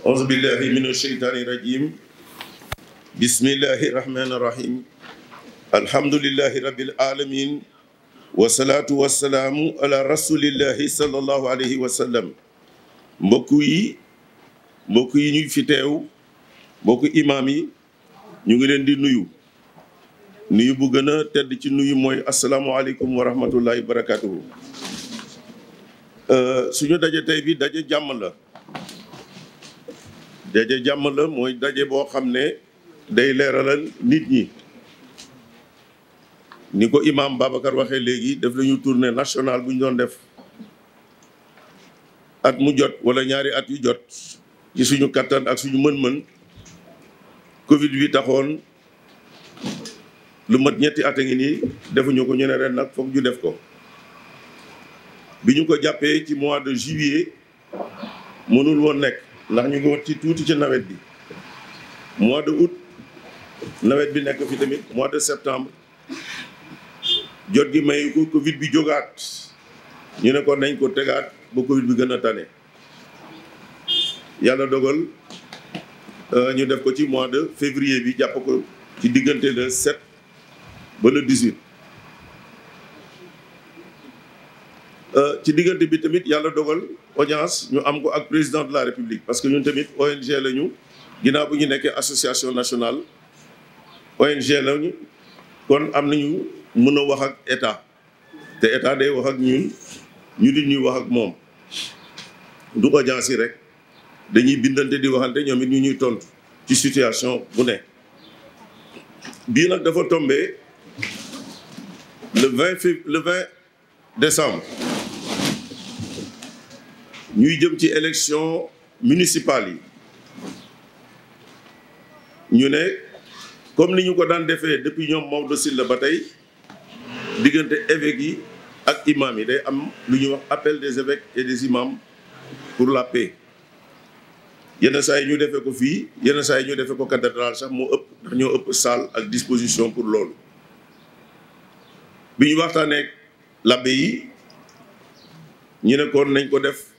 أعوذ بالله من الشيطان الرجيم بسم الله الرحمن الرحيم الحمد لله رب العالمين والصلاة والسلام على رسول الله صلى الله عليه وسلم mbokk yi mbokk yi ñuy fi teew mbokk imaam yi ñu ngi leen di nuyu nuyu bu gën a tedd ci nuyu mooy asalaamualeykum wa rahmatullahi wa barakatuhu euh, suñu daje tey bi daje jàmm la daje jàmm la mooy daje boo xam ne day leeralal nit ñi ni ko imaam Babacar waxee léegi def lañu tournée nationale bu ñu doon def at mu jot wala ñaari at yu jot ci suñu kattan ak suñu mën-mën Covid wi taxoon lu mat ñetti at a ngi nii defuñu ko ñu ne ren nag foog ñu def ko bi ñu ko jàppee ci mois de juillet mënul woon nekk. ndax ñu ngi woon ci tuuti ci nawet bi mois de août nawet bi nekk fi tamit mois de septembre jot gi mayu ko Covid bi jógaat ñu ne ko nañ ko tegaat ba Covid bi gën a tane yàlla dogal euh, ñu def ko ci mois de février bi jàpp ko ci diggante le 7 ba le 18. Euh, ci diggante bi tamit yàlla dogal audience ñu am ko ak président de la république parce que ñun tamit ONG la ñu ginnaaw bu ñu nekkee association nationale ONG lañu kon am na ñu mën a wax ak état te état day wax ak ñun ñu di ñuy wax ak moom du audience yi rek dañuy bindal bindante di waxante ñoom it ñu ñuy tontu ci situation bu ne bii nag dafa tombé le 20 le 20 décembre ñuy jëm ci élection municipale yi ñu ne comme ni ñu ko daan defee depuis ñoom Maodo Sylla ba tey diggante évêques yi ak imam yi day am lu ñuy wax appel des évêques et des imams pour la paix yenn saa yi ñu defee ko fii yenn saa yi ñu defee ko cathédrale sax moo ëpp ndax ñoo ëpp salle ak disposition pour loolu bi ñu waxtaanee l'abbé yi ñu ne kon nañ ko def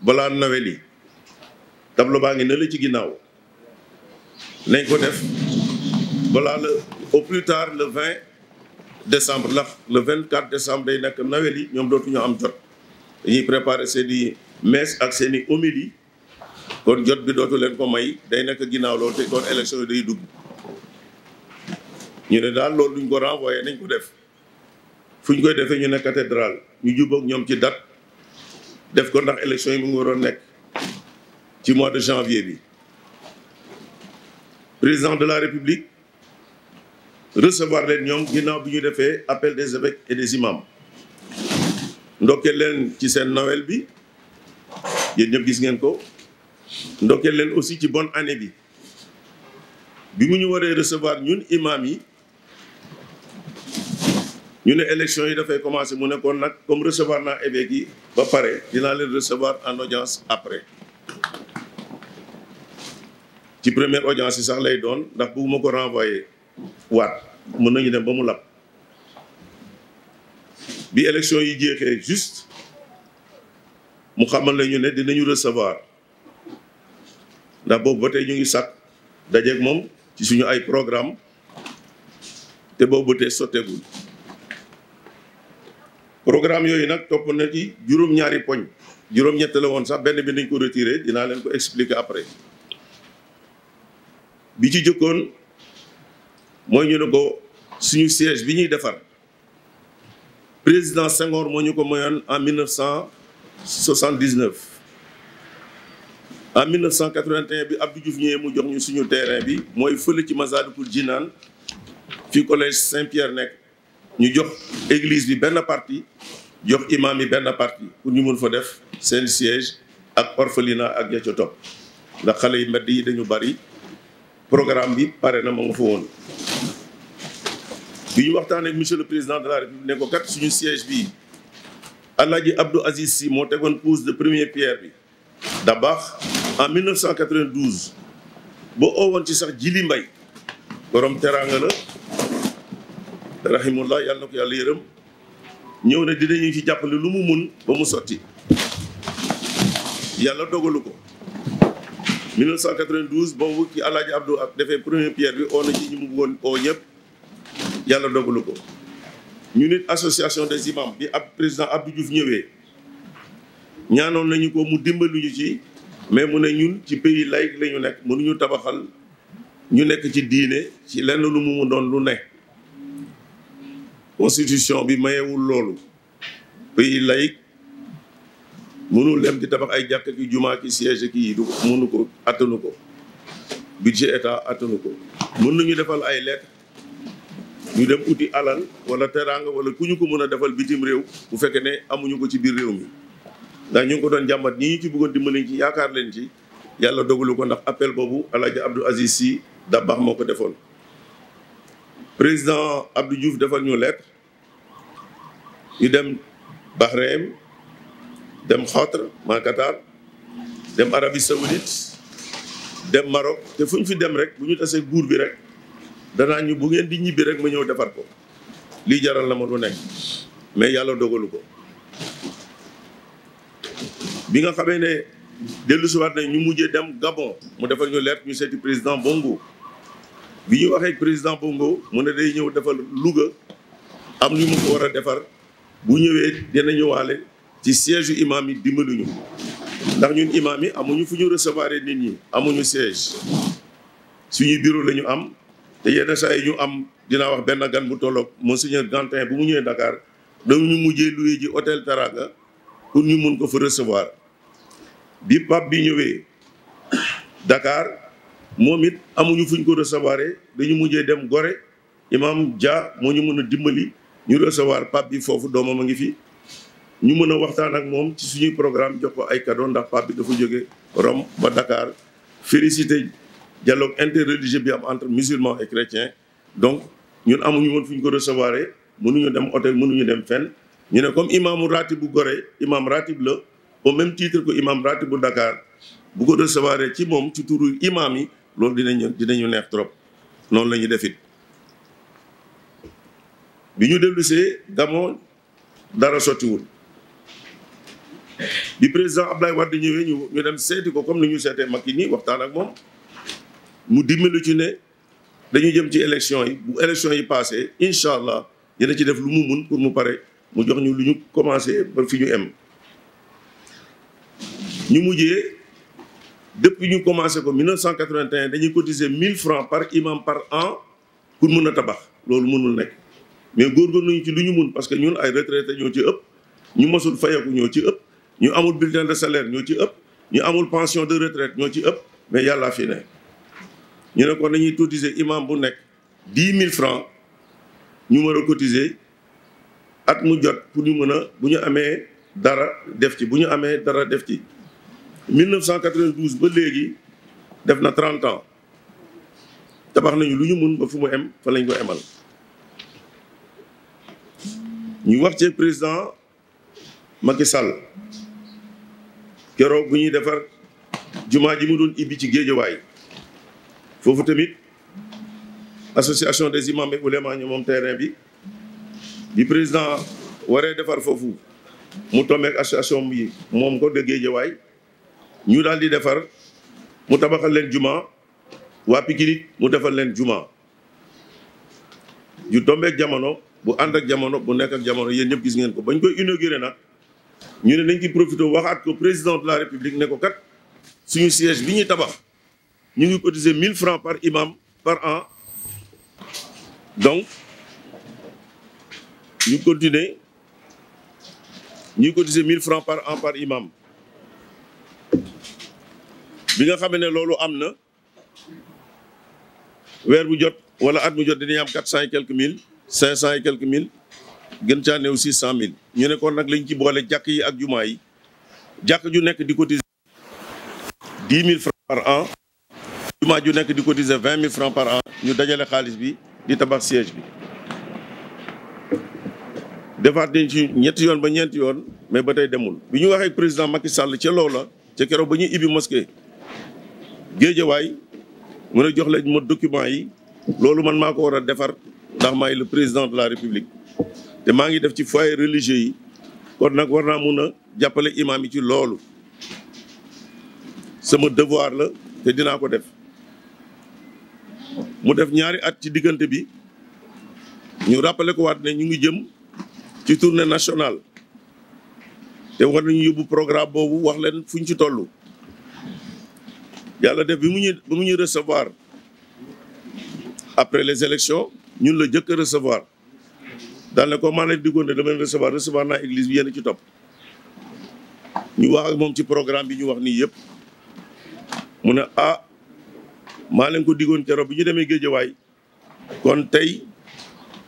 balaa Noël yi tableau baa ngi ne la ci ginnaaw nañ ko def balaa la au plus tard le 20 décembre ndax le 24 décembre day nekk Noël yi ñoom dootuñu am jot dañuy préparer seen i messe ak seen i homélie kon jot bi dootu leen ko may day nekk ginnaaw loolu te kon élection yi day dugg ñu ne daal loolu duñ ko renvoyé nañ ko def fu ñu koy defee ñu ne cathédrale ñu jubóog ñoom ci date. def ko ndax élection yi mu ngi waroon nekk ci mois de janvier bi président de la république recevoir leen ñoom ginnaaw bu ñu defee appel des évêques et des imams ndokkee leen ci seen nawel bi yéen ñëpp gis ngeen ko ndokkee leen aussi ci bonne année bi bi mu ñu waree recevoir ñun imam yi ñu ne élection yi dafay commencer mu nekkoon nag comme recevoir naa évêque yi ba pare dinaa leen recevoir en audience après ci première audience yi sax lay doon ndax bëgguma ko renvoyé waat mën nañu dem ba mu lab bi élection yi jeexee juste mu xamal la ñu ne dinañu recevoir ndax boobu ba tey ñu ngi sàkk dajeek moom ci suñu ay programme te boobu ba tey sotteegul programme yooyu nag topp na ci juróom-ñaari poñ juróom-ñett la woon sax benn bi nañ ko retiré dinaa leen ko expliquer après bi ci jëkkoon mooy ñu ne ko suñu siège bi ñuy defar président Senghor moo ñu ko mayoon en 1979 en 1981 bi Abdou Diouf ñëwee mu jox ñu suñu terrain bi mooy fële ci Massalikul Jinaan fi collège Saint-Pierre nekk ñu jox église bi benn parti jox imam yi benn parti pour ñu mën fa def seen siège ak orphelinat ak ña ca ndax xale yi mbedd yi dañu bari programme bi pare na ma nga fa woon bi ñu waxtaanee monsieur le président de la république ne ko kat suñu siège bi Alhaji Abdou Aziz Sy moo tegoon pose de première pierre bi baax en 1992 ba oowoon ci sax Jili Mbay borom teraanga la rahimullah yàlla na ko yàlla yërëm ñëw ne dinañu ci jàppale lu mu mun ba mu sotti yàlla dogalu ko 1992 boobu ki alaaji Abdou ak defee première pierre bi oo na ci ñu mu bëggoon oo ñëpp yàlla dogalu ko ñu nit association des imams bi ab président Abdou Diouf ñëwee ñaanoon nañu ko mu dimbaluñu ci mais mu ne ñun ci pays laïque la ñu nekk mënuñu tabaxal ñu nekk ci diine ci lenn lu mu mu doon lu nekk constitution bi mayewul loolu pays laïque mënul dem di tabax ay jàkk ki jumaa ki siège ki yi du mënu ko attanu ko budget état attanu ko mën nañu defal ay lekk ñu dem uti alal wala teraanga wala ku ñu ko mën a defal bitim réew bu fekkee ne amuñu ko ci biir réew mi ndax ñu ko doon jàmbat ñi ñu ci bëggoon dimbali ci yaakaar leen ci yàlla dogalu ko ndax appel boobu Alaaji Abdou Aziz si Dabakh moo ko defoon président Abdou Diouf defal ñu lettre ñu dem Bahreïn dem Xotr ma Qatar dem Arabie Saoudite dem Maroc te fu ñu fi dem rek bu ñu tasee buur bi rek danaa ñu bu ngeen di ñibbi rek ma ñëw defar ko li jaral la ma lu nekk mais yàlla dogalu ko bi nga xamee ne dellusi dellusiwaat na ñu mujjee dem Gabon mu defal ñu lettre ñu seeti président Bongo bi ñu waxee président Bongo mu a day ñëw defal Louga am lu mu ko war a defar bu ñëwee dina ñëwaale ci siège yu imam yi dimbaluñu ndax ñun imam yi amuñu fu ñu recevoir nit ñi amuñu siège suñu bureau la ñu am te yenn saa yi ñu am dinaa wax benn gan bu tolloog monseigneur Gantin bu mu ñëwee Dakar dañu mujjee loué ji hôtel Taraga pour ñu mun ko fa recevoir bi Pape bi ñëwee Dakar. moom it amuñu fuñ ko recevoir dañu mujjee dem Gorée Imam Dia moo ñu mën a dimbali ñu recevoir pape bi foofu doomam a ngi fi ñu mën a waxtaan ak moom ci suñuy programme jox ko ay cadeau ndax pape bi dafa jóge Rome ba Dakar félicité dialogue interreligieux bi am entre musulmans et chrétiens donc ñun amuñu woon fu ko recevoir mënuñu dem hôtel mënuñu dem fenn ñu ne comme imaamu ratib bu Gorée imam ratib la au même titre que imam ratib bu Dakar bu ko recevoir ci moom ci turu imam yi loolu dinañu dinañu neex trop noonu la ñu def it bi ñu dellusee Gabon dara sottiwul bi président Abdoulaye Wade ñëwee ñu ñu dem seeti ko comme ni ñu seetee Macky nii waxtaan ak moom mu dimmilu ci ne dañu jëm ci élection yi bu élection yi passé incha allah dina ci def lu mu mun pour mu pare mu jox ñu lu ñu commencé ba fi ñu em ñu mujjee depuis ñu commencé ko 1981 dañuy cotiser 1000 francs par imam par an pour mun a tabax loolu mënul nekk mais góorgóorlu nañu ci lu ñu mun parce que ñun ay retraités ñoo ci ëpp ñu mosul fayeku ñoo ci ëpp ñu amul bulletin de salaire ñoo ci ëpp ñu amul pension de retraite ñoo ci ëpp mais yàlla fi ne ñu ne kon dañuy cotiser imam bu nekk 10 mille francs ñu mën a cotiser at mu jot pour ñu mën a bu ñu amee dara def ci bu ñu amee dara def ci 1992 ba léegi def na 30 ans tabax nañu lu ñu mun ba fu mu em fa lañ ko emal ñu wax ci président Macky sal keroog bu ñuy defar jumaa ji mu doon ibbi ci géejawaay foofu tamit association des imams et oulémas ñu moom terrain bi bi président waree defar foofu mu tombeek association bi moom ko de géejawaay ñu daal di defar mu tabaxal leen juma waa Pikine mu defal leen juma ju tombeek jamono bu ànd ak jamono bu nekk ak jamono yéen ñëpp gis ngeen ko bañ koy inauguré nag ñu ne nañ ci profité waxaat ko président de la république ne ko kat suñu siège bi ñuy tabax ñu ngi cotiser mille francs par imam par an donc ñu continuer ñuy cotiser 1000 francs par an par imam bi nga xamee ne loolu am na weer bu jot wala at mu jot dinañ am quatre cent et quelques mille cinq cent yi quelques mille gën caa néew six cent mille ñu nekkoon nag lañu ci boole jàkk yi ak jumaa yi jàkk ju nekk di cotiser dix mille francs par an jumaa ju nekk di cotiser vingt mille francs par an ñu dajale xaalis bi di tabax siège bi defaat nañ ci ñetti yoon ba ñeenti yoon mais ba tey demul bi ñu waxee président Macky Sall ca loola ca keroog ba ñuy ibbi mosquée waay mën a jox leen ma document yi loolu man maa ko war a defar ndax maay le président de la république te maa ngi def ci foyer religieux yi kon nag war naa mun a jàppale imaam yi ci loolu sama devoir la te dinaa ko def mu def ñaari at ci diggante bi ñu rappelé ko waat ne ñu ngi jëm ci tourne nationale te war nañu yóbbu programme boobu wax leen fuñ ci toll yàlla def bi mu ñu mu ñu recevoir après les élections ñun la jëkk recevoir daal ne ko maa leen diggoon ne dama leen recevoir recevoir naa église bi yéen ci topp ñu wax ak moom ci programme bi ñu wax nii yëpp mu ne ah maa leen ko diggoon keroog bi ñu demee Géejawaay kon tey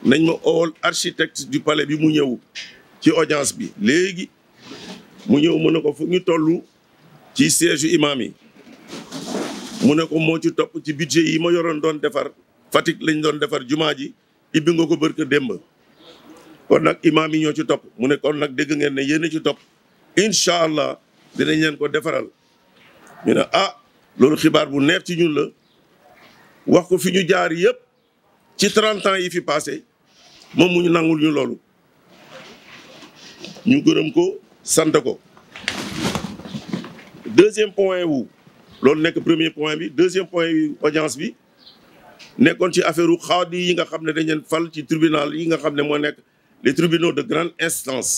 nañ ma ool architecte du palais bi mu ñëw ci audience bi léegi mu ñëw mun ne ko fu ñu toll ci siège imam yi mu ne ko moo ci topp ci budget yi ma yoroon doon defar Fatick lañ doon defar jumaa ji ibbi nga ko bërka démb kon nag imaam yi ñoo ci topp mu ne kon nag dégg ngeen ne yéen ci topp incha allah dinañ leen ko defaral ñu ne ah loolu xibaar bu neex ci ñun la wax ko fi ñu jaar yëpp ci 30 ans yi fi passé moom mu ñu nangul ñu loolu ñu gërëm ko santé ko deuxième point wu loolu nekk premier point bi deuxième point bi bi nekkoon ci affaire u xaadi yi nga xam ne dañ leen fal ci tribunal yi nga xam ne moo nekk les tribunaux de grande instance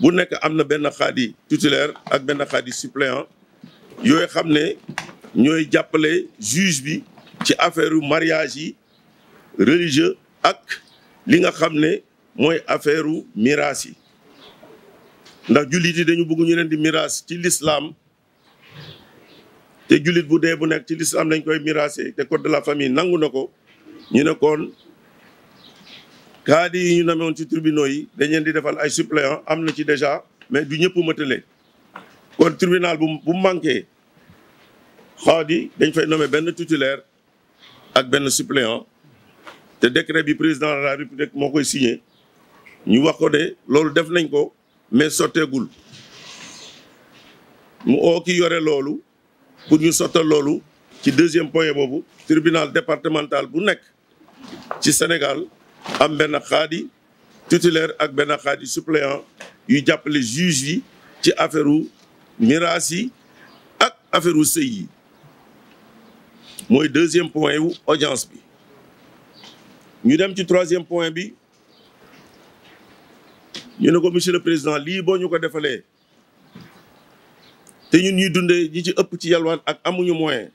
bu nekk am na benn xaadi titulaire ak benn xaadi suppléant yooy xam ne ñooy jàppale juge bi ci affaire u mariage yi religieux ak li nga xam ne mooy affaire u miraas yi ndax jullit yi dañu bugguñu ñu leen di miraas ci lislaam te jullit bu dee bu nekk ci am nañ koy miraase te code de la famille nangu na ko ñu ne kon kaadi yi ñu namoon ci tribunaux yi dañ leen di defal ay suppléant am na ci déjà mais du ñëpp matale kon tribunal bu bu manqué xaadi dañ fay nommé benn titulaire ak benn suppléant te décret bi président de la république moo koy signé ñu wax ko de loolu def nañ ko mais sotteegul mu oo ki yore loolu pour ñu sottal loolu ci deuxième point boobu tribunal départemental bu nekk ci Sénégal am benn xaadi titulaire ak benn xaadi suppléant yu jàppale juge yi ci affaire u miraas yi ak affaire u sëy yi mooy deuxième point yu audience bi ñu dem ci troisième point bi ñu ne ko monsieur le président lii boo ñu ko defalee te ñun ñuy dundee ñi ci ëpp ci yalwaan ak amuñu moyen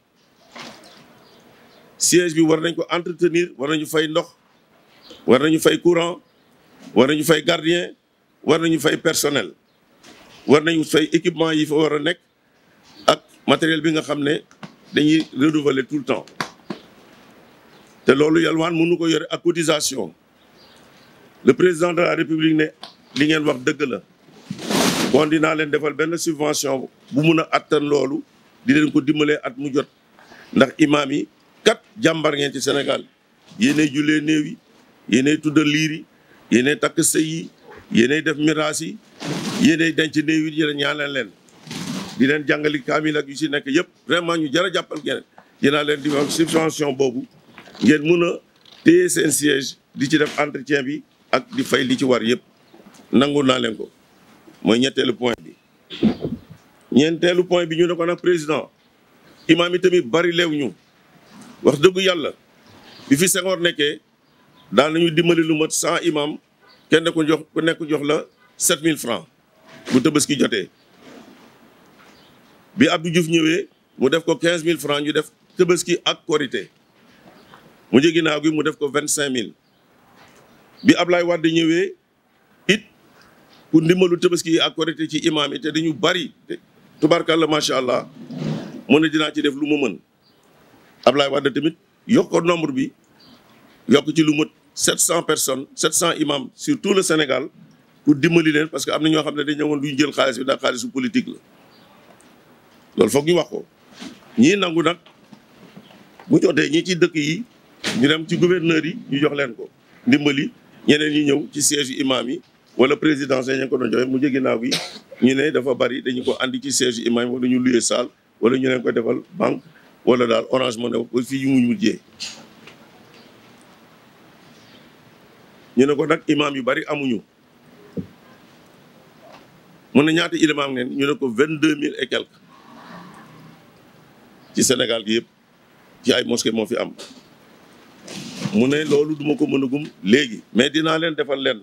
siège bi war nañ ko entretenir war nañu fay ndox war nañu fay courant war nañu fay gardien war nañu fay personnel war nañu fay équipement yi fa war a nekk ak matériel bi nga xam ne dañuy renouveler tout le temps te loolu yalwaan mënu ko yore ak cotisation le président de la république ne li ngeen wax dëgg la kon dinaa leen defal benn subvention bu mun a attan loolu di leen ko dimbalee at mu jot ndax imaam yi kat jàmbar ngeen ci Sénégal yéenay jullee néew yi yéenay tuddal liir yi yéenay takk sëy yi yéenay def miraas yi yéenay denc néew yi yéen ñaanal leen di leen jàngali kaamil ak yu ci nekk yëpp vraiment ñu jar a jàppal ngeen dinaa leen di am subvention boobu ngeen mun a téye seen siège di ci def entretien bi ak di fay li ci war yëpp nangu naa leen ko mooy ñetteelu point bi ñeenteelu point bi ñu ne ko nag président imaam yi tamit bari leew ñu wax dëgg yàlla bi fi Senghor nekkee daan nañu dimbali lu mat cent imam kenn ku jox ku nekk jox la sept mille francs bu Tabaski jotee bi Abdou Diouf ñëwee mu def ko quinze mille francs ñu def Tabaski ak Korité mu jéggi naa gi mu def ko vingt cinq mille bi Ablaye Wade ñëwee pour ndimbalu tabaski ak korité ci imaam yi te dañu bari tubarkalla macha allah mu ne dinaa ci def lu ma mën ab laay wax Wade tamit yokk nombre bi yokk ci lu mët sept cent personnes sept cent imams surtout tout le Sénégal pour dimbali leen parce que am na ñoo xam ne dañ ñëwoon duñ jël xaalis bi ndax xaalisu politique la loolu foog ñu wax ko ñii nangu nag bu jotee ñi ci dëkk yi ñu dem ci gouverneurs yi ñu jox leen ko ndimbali ñeneen ñi ñëw ci siège imam yi wala président ñu ko doon joxe mu ginnaaw wi ñu ne dafa bari dañu ko andi ci siège imam wala ñu luyee saal wala ñu leen ko defal banque wala daal orange money ba fii mu mujjee ñu ne ko nag imam yu bari amuñu mu ne ñaata ilimaam ngeen ñu ne ko vingt deux mille et quelque ci Sénégal gi yëpp ci ay mosquée moo fi am mu ne loolu duma ko mën a gum léegi mais dinaa leen defal lenn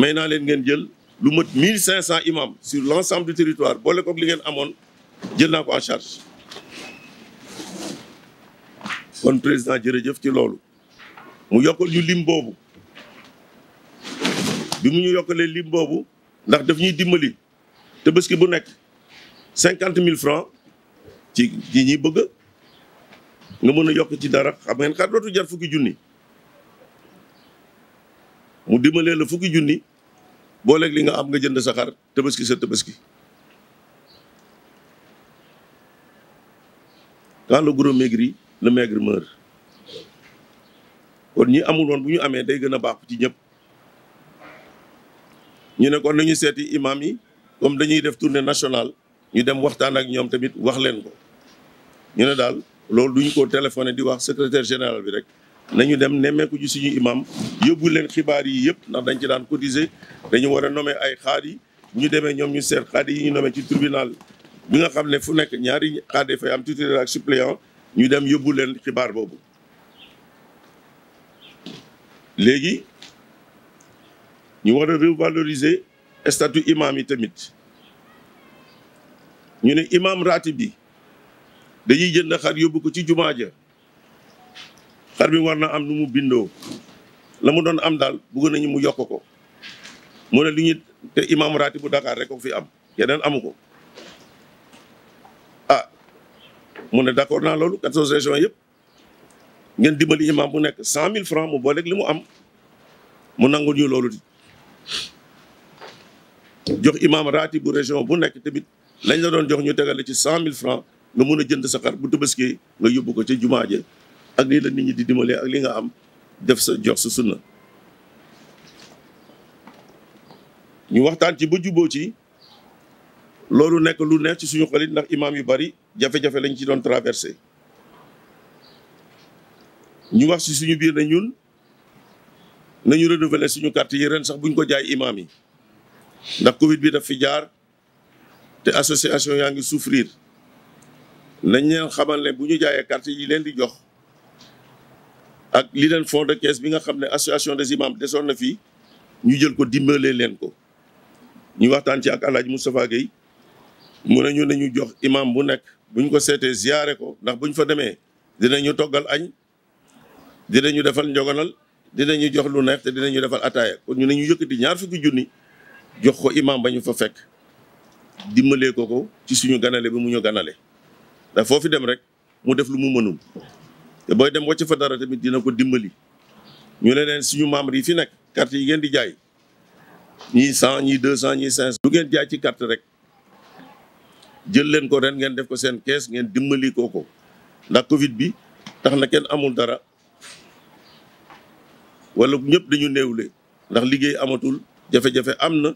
may naa leen ngeen jël lu mat 1500 imam sur l' ensemble du territoire boole koog li ngeen amoon jël naa ko en charge kon président jërëjëf ci loolu mu yokkal ñu lim boobu bi mu ñu yokkalee lim boobu ndax daf ñuy dimbali te bëski bu nekk cinquante mille francs ci ci ñi bëgg nga mën a yokk ci dara xam ngeen xaar dootu jar fukki junni mu dimbalee la fukki junni booleeg li nga am nga jënd sa xar tabaski sa tabaski quand le gros maigrit la maigre meurt kon ñi amul woon bu ñu amee day gën a baax ci ñëpp ñu ne kon nañu seeti imam yi comme dañuy def tournée national ñu dem waxtaan ak ñoom tamit wax leen ko ñu ne daal loolu duñu ko téléphoné di wax secrétaire général bi rek nañu dem nemmeeku ji suñu imam yóbbu leen xibaar yii yëpp ndax dañ ci daan cotiser dañu war a nommer ay xaari ñu demee ñoom ñu seet xaadi yi ñu nommer ci tribunal bi nga xam ne fu nekk ñaari xaari fay am titulaire ak suppléant ñu dem yóbbu leen xibaar boobu. léegi ñu war a revaloriser statut imam yi tamit ñu ne imam ratib bi dañuy jënd xar yóbbu ko ci jumaa ja xar bi war na am nu mu bindoo la mu doon am daal bëgg nañu mu yokk ko mu ne li ñu te imam raati bu Dakar rek fi am yeneen amu ko ah mun ne d'accord naa loolu quatorze régions yëpp ngeen dimbali imam bu nekk cent mille francs mu booleeg li mu am mu nangu ñu loolu di jox imam raati bu région bu nekk tamit lañ la doon jox ñu tegale ci cent mille francs nga mun a jënd sa xar bu tabaski nga yóbbu ko ci jumaa je ak lii la nit ñi di dimbalee ak li nga am def sa jox su sunna ñu waxtaan ci ba juboo ci loolu nekk lu neex ci suñu xalit ndax imaam yu bari jafe-jafe lañ ci doon traversé ñu wax ci suñu biir na ñun nañu renouveler suñu carte yi ren sax buñ ko jaay imaam yi ndax Covid bi daf fi jaar te association yaa ngi souffrir nañ leen xamal ne bu ñu jaayee carte yi leen di jox ak li leen fond de caisse bi nga xam ne association des imams desoon na fii ñu jël ko dimbalee leen ko ñu waxtaan ci ak alaaji Moustapha Gueye mu ne ñu nañu jox imam bu nekk buñ ko seetee ziyaare ko ndax buñ fa demee ñu toggal añ dinañu defal njogonal dinañu jox lu neex te dinañu defal ataaya kon ñu ne ñu yëkkati ñaar fukki junni jox ko imam ba ñu fa fekk dimbalee ko ko ci suñu ganale bi mu ñu ganale ndax foofu dem rek mu def lu mu mënul te booy dem wàcc fa dara tamit dina ko dimbali ñu ne leen suñu membres yi fi nekk carte yi ngeen di jaay ñii cent ñii deux cent ñii cinq cent lu ngeen jaay ci carte rek jël leen ko ren ngeen def ko seen kees ngeen dimbali ko ko ndax Covid bi tax na kenn amul dara wala ñëpp dañu néewle ndax liggéey amatul jafe-jafe am na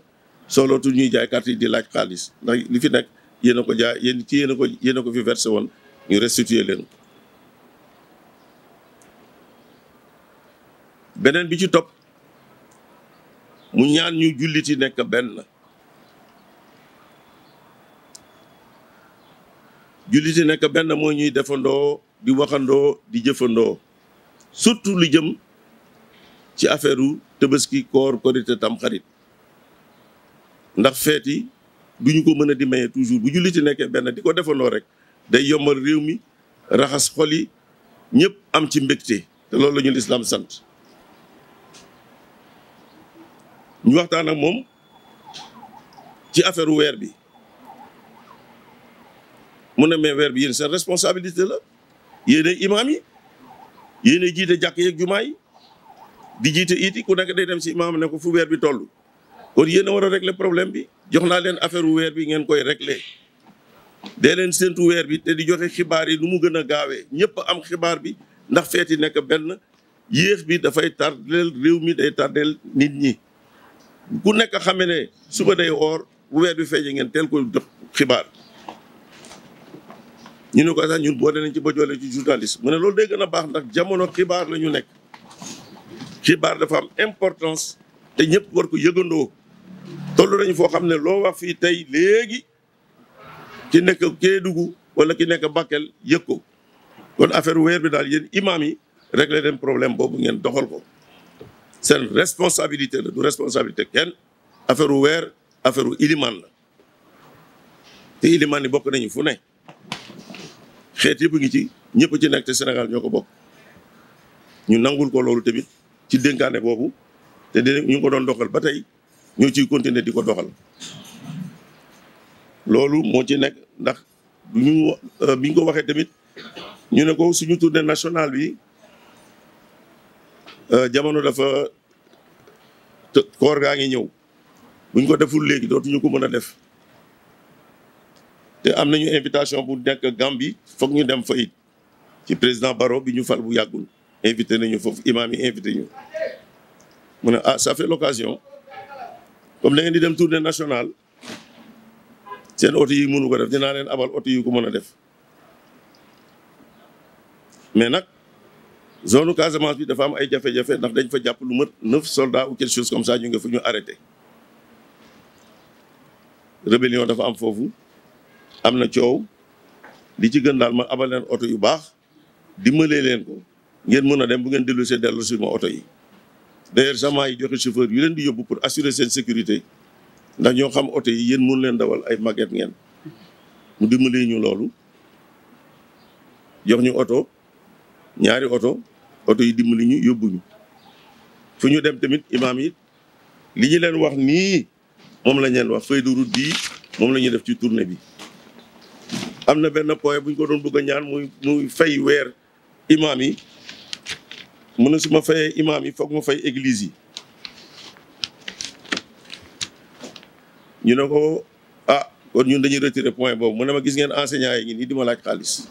soolootul ñuy jaay carte di laaj xaalis ndax li fi nekk yéen a ko jaay yéen ci yéen a ko yéen a ko fi versé woon ñu restituer leen beneen bi ci topp mu ñaan ñu julliti nekk benn julliti nekk benn moo ñuy defandoo di waxandoo di jëfandoo surtout lu jëm ci affaire u Tabaski koor Korité Tamxarit ndax feet yi du ñu ko mën a di maye toujours bu julliti nekkee benn di ko defandoo rek day yombal réew mi raxas xol yi ñëpp am ci mbégte te loolu la ñu lislaam sant ñu waxtaan ak moom ci affaire weer bi mu ne mais weer bi yéen seen responsabilité la yéenay imaam yi yéenay jiite jàkk yeeg jumaa di jiite iti ku nekk day dem si imaam ne ko fu weer bi toll. kon yéen a war a régler problème bi jox naa leen affaire weer bi ngeen koy regle de leen séntu weer bi te di joxe xibaar yi nu mu gën a gaawee ñëpp am xibaar bi ndax feeti nekk benn yéex bi dafay tardel réew mi day tardel nit ñi. ku nekk xame ne suba day oor bu weer bi feeñee ngeen teel ko xibaar ñu ne ko sax ñun boole nañ ci ba joole ci journaliste mu ne loolu day gën a baax ndax jamono xibaar la ñu nekk xibaar dafa am importance te ñëpp war ko yëgandoo toll nañu foo xam ne loo wax fii tey léegi ki nekk Kédougou wala ki nekk Bakel yëg ko kon affaire weer bi daal yéen imaam yi réglé leen problème boobu ngeen doxal ko seen responsabilité la du responsabilité kenn affaire u weer affaire u iliman la te iliman yi bokk nañu fu ne xeet yëpp ngi ci ñëpp ci nekk te Sénégal ñoo ko bokk ñu nangul ko loolu tamit ci dénkaane boobu te dinañ ñu ko doon doxal ba tey ñoo ciy continuer di ko doxal loolu moo ci nekk ndax du ñu euh, bi ko waxee tamit ñu ne ko suñu tournée nationale bi Euh, jamono dafa koor gaa ngi ñëw buñ ko deful léegi dootuñu ko mën a def te am nañu invitation bu nekk Gambie foog ñu dem fa it ci président Barrow bi ñu fal bu yàggul invité nañu foofu imaam yi invité ñu mu ne ah ça fait l'occasion comme da di dem tournée national seen oto yi mënu ko def dinaa leen abal oto yi ko mën a def mais nag zone Casamance bi dafa am ay jafe-jafe ndax dañ fa jàpp lu mat neuf soldats ou quelque chose comme ça ñu nga fa ñu arrêté rébellion dafa am foofu am na coow di ci gën daal ma abal leen oto yu baax dimbalee leen ko ngeen mën a dem bu ngeen dellu see dellu si ma oto yi d'ailleurs jamaa yi joxe chauffeur yu leen di yóbbu pour assurer seen sécurité ndax ñoo xam oto yi yéen mun leen dawal ay màgget ngeen mu dimbalee ñu loolu jox ñu oto ñaari oto oto yi dimbali ñu yóbbu ñu fu ñu dem tamit imaam yi li ñu leen wax nii moom lañ leen wax feuille de route moom la ñuy def ci tournée bi. am na benn point buñ ko doon bëgg a ñaan muy fay weer imaam yi mu ne si ma fayee imaam yi foog ma fay église ñu ne ko ah kon ñun dañuy retirer point boobu mu ne ma gis ngeen enseignant yi ngi di ma laaj xaalis.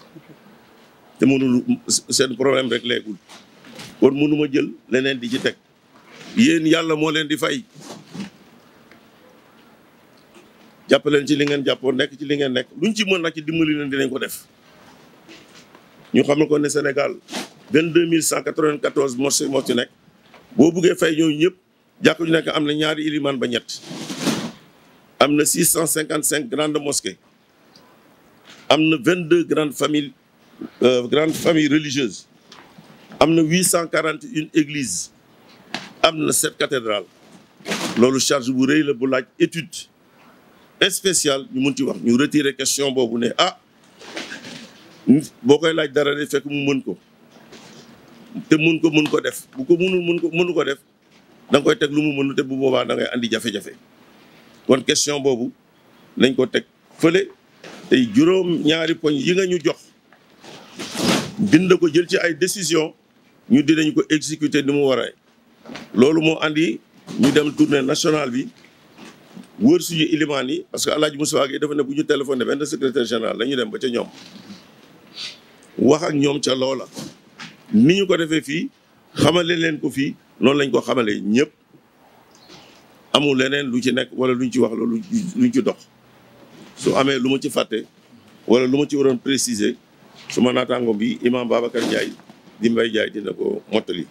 te mënul seen problème rek leegul kon ma jël leneen di ci teg yéen yàlla moo leen di fay jàppaleen ci li ngeen jàppoo nekk ci li ngeen nekk lu luñ ci mën nag ci dimbali leen dinañ ko def ñu xam ne ko ne Sénégal vingt-deux mille cent quatre-vingt-quatorze morse moo ci nekk boo buggee fay ñooñu ñëpp jàkk ju nekk am na ñaari iliman ba ñett am na six cent cinquante cinq grandes mosquées am na vingt-deux grandes famille Euh, grande famille religieuse am na huit cent quarante une églises am na sept cathédrales loolu charge bu rëy la bu laaj étude spéciale ñu mun ci wax ñu retire question boobu ne ah boo koy laaj dara de fekk mu mën ko te mun ko mën ko def bu ko munul mën ko mënu ko def da nga koy teg lu mu mën mënu te bu boobaa da ngay andi jafe-jafe kon question boobu nañ ko teg fële tey juróom ñaari poñ yi nga ñu jox bind ko jël ci ay décision ñu di dinañ ko exécuter ni mu waree loolu moo indi ñu dem tournée nationale bi wër suñu ilimaan yi parce que El Hadj Moussa gi dafa ne bu ñu téléphoné benn secrétaire général la ñu dem ba ca ñoom wax ak ñoom ca loola. ni ñu ko defee fii xamale leen ko fii noonu lañ ko xamale ñëpp amul leneen lu ci nekk wala luñ ci wax loolu lu ci dox su amee lu ma ci fàtte wala lu ma ci waroon préciser. suma naataango bi imam Babacar Ndiaye di Mbaye jaay dina ko mottali